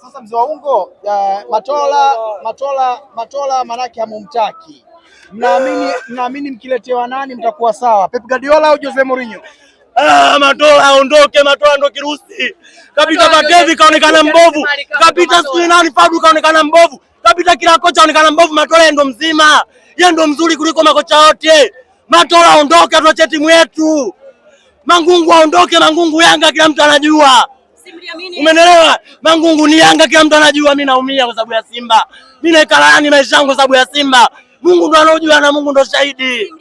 Sasa mzee wa ungo uh, Matola Matola Matola, manake hamumtaki. Mnaamini mnaamini mkiletewa nani mtakuwa sawa, Pep Guardiola au Jose Mourinho? Ah, Matola aondoke, Matola ndo kirusi. Kapita Bakevi kaonekana mbovu, kapita sijui nani Fadu kaonekana mbovu, kapita kila kocha kaonekana mbovu. Matola ndo mzima, yeye ndo mzuri kuliko makocha wote. Matola aondoke, atuache timu yetu. Mangungu aondoke, Mangungu Yanga kila mtu anajua. Umenelewa? Mangungu ni Yanga, kila mtu anajua. Mimi naumia kwa sababu ya Simba, mimi naikalaani maisha yangu kwa sababu ya Simba. Mungu ndo anaojua na Mungu ndo shahidi.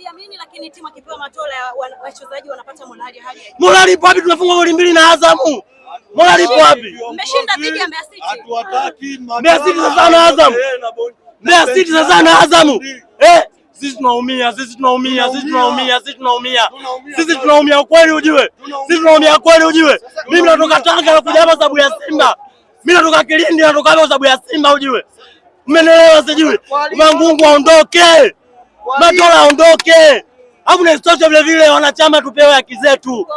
Morali ipo wapi? Tunafungwa goli mbili na Azamu. Morali ipo wapi? Mbeya City sasa na Azamu, Mbeya City sasa na Azamu, eh sisi tunaumia, sisi tunaumia, sisi tunaumia, sisi tunaumia, sisi tunaumia kweli, ujue sisi tunaumia kweli, ujue mimi natoka Tanga na kuja hapa sababu ya Simba, mimi natoka Kilindi natoka hapa sababu ya Simba, ujue mmenielewa? Sijui Mangungu aondoke, Matola aondoke, afu na historia vile vile wanachama tupewe haki zetu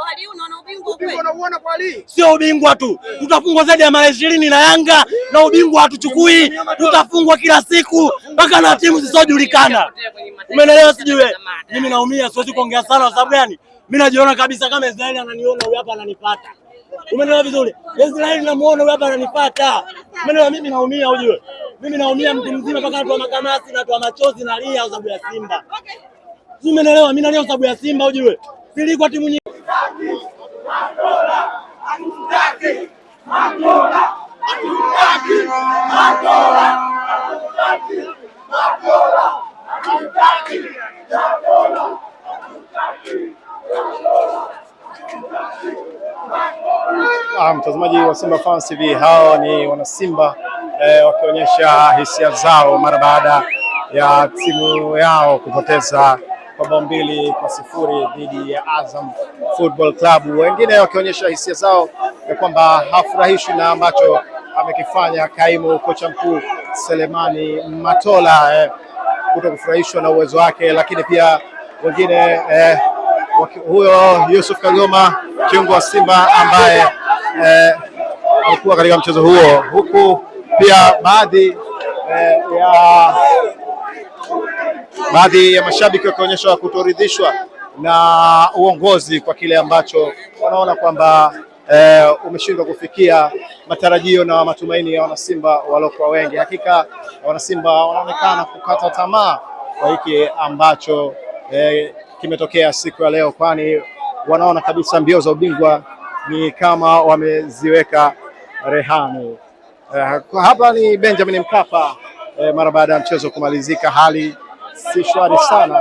sio ubingwa tu, tutafungwa zaidi ya mara ishirini na Yanga na ubingwa hatuchukui, tutafungwa kila siku mpaka na timu zisizojulikana. Umeelewa? Sijui mimi naumia, siwezi kuongea sana. Kwa sababu gani? Mimi najiona kabisa kama Israeli ananiona huyu hapa ananipata. Umeelewa vizuri? Israeli namuona huyu hapa ananipata. Umeelewa? Mimi naumia, ujue mimi naumia mtu mzima, mpaka natoa makamasi, natoa machozi, nalia kwa sababu ya Simba. Umeelewa? Mimi nalia kwa sababu ya Simba, ujue sili timu nyingi Mtazamaji wa Simba Fans TV, hao ni wanasimba eh, wakionyesha hisia zao mara baada ya timu yao kupoteza kwa bao mbili kwa sifuri dhidi ya Azam Football Club, wengine wakionyesha hisia zao ya kwamba hafurahishwi na ambacho amekifanya kaimu kocha mkuu Selemani Matola, eh, kuto kufurahishwa na uwezo wake, lakini pia wengine eh, huyo Yusuf Kagoma kiungo wa Simba ambaye eh, alikuwa katika mchezo huo, huku pia baadhi eh, ya baadhi ya mashabiki wakionyesha kutoridhishwa na uongozi kwa kile ambacho wanaona kwamba e, umeshindwa kufikia matarajio na matumaini ya wanasimba waliokuwa wengi. Hakika wanasimba wanaonekana kukata tamaa kwa hiki ambacho e, kimetokea siku ya leo, kwani wanaona kabisa mbio za ubingwa ni kama wameziweka rehani. E, hapa ni Benjamin Mkapa e, mara baada ya mchezo kumalizika hali si shwari sana